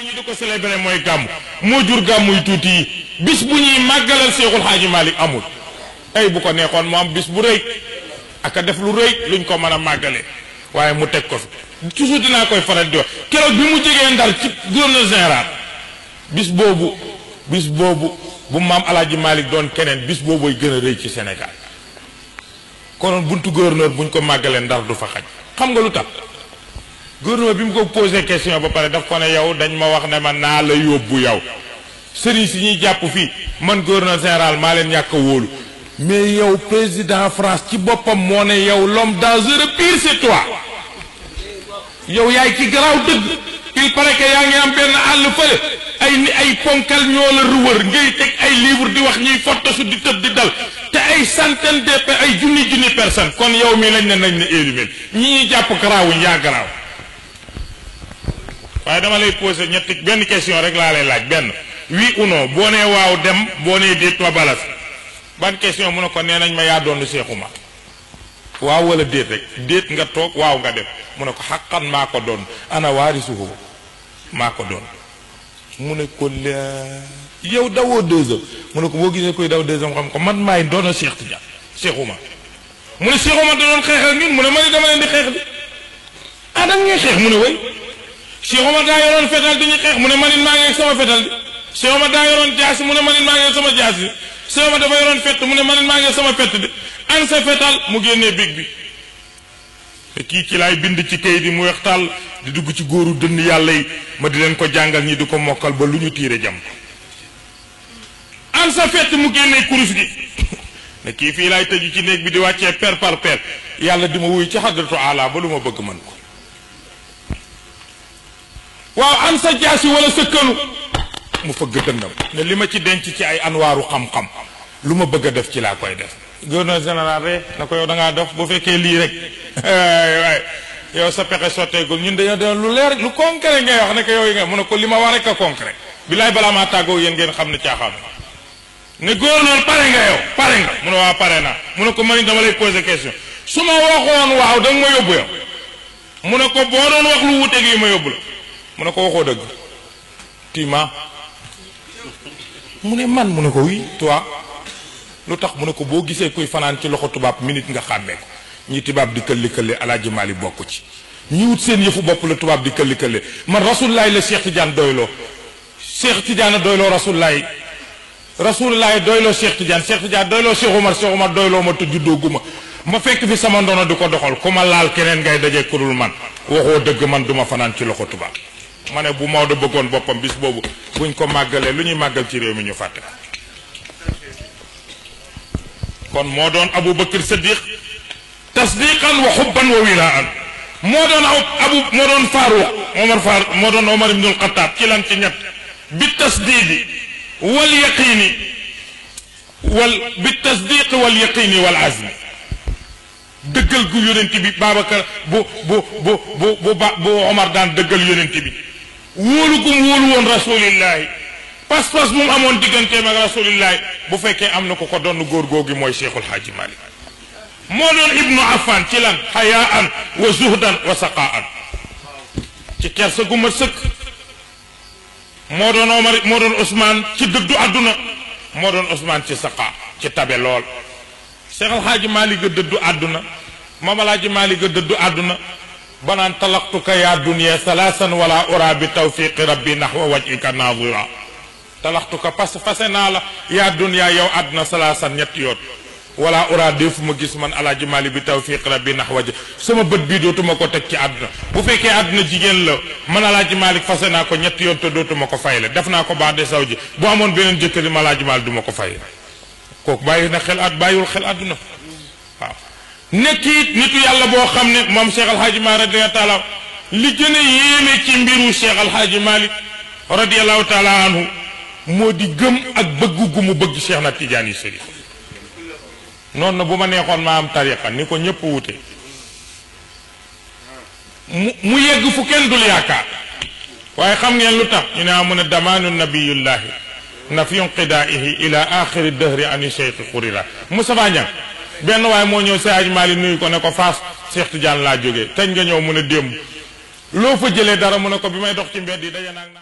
waaye ñu di ko célébrer mooy gàmm moo jur gàmmuy tuuti yi bis bu ñuy màggalal Seexul Xaaji Malik amul ey bu ko neexoon mu bis bu rëy aka def lu rëy luñ ko mën a màggalee waaye mu teg ko fi toujours dinaa koy faral di wax keroog bi mu jegee ndar ci gouverneur général bis boobu bis boobu bu maam alaaji Malik doon keneen bis booboy gën a rëy ci senegal konoon buntu gouverneur buñ ko màggalee ndar du fa xaj xam nga lu tax gouvernement bi mu ko posé question ba paré daf ko né yow dañ ma wax né ma na la yóbbu yow sëriñ ci ñi japp fi man gouverneur général ma leen ñak wolu mais yow président France ci bopam mo né yow l'homme dangereux pire c'est toi yow yaay ci graw deug il paraît que yaa ngi am ben àll fële ay ay ponkal ñoo la ruwër ngay tek ay livre di wax ñi photo su di tëb di dal té ay centaine de ay juni juni personne kon yow mi lañ né nañ ne éliminé ñi japp jàpp ya graw waaye dama lay posé ñetti benn question rek laa lay laaj benn oui ou boo nee waaw dem boo nee déet ma balas ban question mu ne ko nee nañ ma yaa doon Cheikh Oumar waaw nga toog waaw nga dem mu ne ko ko doon ko mu ne ko la yow dawoo deux heures mu ne ko boo gisee koy daw deux heures xam ko man maay doona Cheikh Tidiane Cheikh Oumar mu ne Cheikh Oumar da doon xeex ak ñun mu ne ma ne dama leen di xeex di ah da ngay mu ne way Cheikh Omar daa yoroon fetal di ñu xeex mu ne man it maa ngi ak sama fetal bi Cheikh daa yoroon jaasi mu ne man it maa ngi sama jaasi bi Cheikh Omar dafa yoroon fett mu ne man maa ngi sama fett bi an fetal mu génnee big bi te bind ci kayit yi mu weex tàll di dugg ci góoru dënn yàlla ma di leen ko jàngal ñi di ko mokkal ba lu ñu tiire jam fett mu génnee kurus gi ne kii fii laay tëju ci néeg bi di wàccee per par per yàlla di ma wuy ci xadratu ala ba lu ma bëgg man ko waaw am sa jaasi walla sa kënu mu fëgg dënnam ne li ma ci denc ci ay anwaaru xam-xam lu ma bëgg a def ci laa koy def gouverneur général rek na ko yow da ngaa dof bu fekkee lii rek waay yow sa pexe sotteegul ñun dañoo dañoo lu leer lu concret ngay wax ne ko yow yi nga mun ne ko li ma war rek a concret bilaay balaa maa tàggoo yéen ngeen xam ne caaxaan ne gouverneur pare nga yow pare nga mu ne waa pare naa mu ne ko man dama lay poser question su ma waxoon mu ne ko boo ma yóbbu la mu ne ko waxoo dëgg tu mu ne man mu ne ko oui toi lu tax mu ne ko boo gisee kuy fanaan ci loxo tubaab minute nga xàmmee ko ñi tubaab di këlli këlli alaaji Maali bokk ci ñi wut seen yëfu bopp la tubaab di këlli këlli man rasulullaay la Cheikh Tidiane doyloo Cheikh Tidiane doyloo rasulullaay rasulullaay doyloo Cheikh Tidiane Cheikh Tidiane doyloo Cheikh Omar Cheikh Omar doyloo ma te juddoo guma ma fekk fi sama ndono di ko doxal ku ma laal keneen ngay dajee ku man waxoo dëgg man duma fanaan ci loxo tubaab mané bu Maodo bëggoon bopam bis bobu buñ ko magalé luñuy magal ci réew mi ñu faté kon mo doon abou Bakr Siddiq tasdiqan wa hubban wa wilaan mo doon abou mo doon Faruq Omar far mo doon Omar ibn al Xataab ci lan ci ñet bi tasdiidi wal yaqiini wal bi tasdiqi wal yaqiini wal azm deugal gu yonent bi babakar bu bu bu bu bu Omar daan deugal yonent bi wóolu gum wóolu pas-pas bu mu amoon digganteem ak rasulillahi bu fekkee am na ko ko doon góor gi mooy Cheikhul Hadji Malick moo doon ibnu Affan ci lan xayaan wa zuhdan wa saqaan ci kersa gu sëkk moo doon Omar moo doon Ousmane ci dëddu àdduna moo doon usmaan ci saqa ci tabe lool Cheikh Alhaaji Malick a dëddu àdduna Mame Alhaaji Malick a dëddu àdduna banaan talaqtuka yaa dunia salaasan wala ura bi tawfiqi rabbi nahwa wajhika naadira talaxtuka parce que fase naa la yaa dunia yow àdduna salaasan ñetti yoon wala ura fu ma gis man alaaji maali bi tawfiq rabbi nax waja sama bët bii dootuma ko teg ci àdduna bu fekkee àdduna jigéen la man alaaji maalik fase naa ko ñetti yoon te dootuma ko fay fayle def naa ko baax de saw ji bu amoon beneen jëkkër ma alaaji maalik du ko fay kooku bàyyi na xel at bàyyiwul xel àdduna nekkiit nitu yàlla boo xam ne moom cheikh alhaaji malik radiallahu taala li gën a yéeme ci mbiru cheikh alhaaji malik radiallahu taala anhu moo di gëm ak bëgg gu mu bëgg cheikh na tidiane yi sërif noonu na bu ma neexoon maa am tariqa ni ko ñëpp wute mu mu yegg fu kenn dul yaakaar waaye xam ngeen lu tax ñu ne amun a damaanu nabiyullahi na fi inqidaaihi ila axiri dëhri ani cheikh xurira Moussa Niang benn waaye moo ñëw sa aj Maalik nuyu ko ne ko Faas Cheikh Tidiane laa jógee kañ nga ñëw mun a démb loo fa jëlee dara mu ne ko bi may dox ci mbedd yi daje naa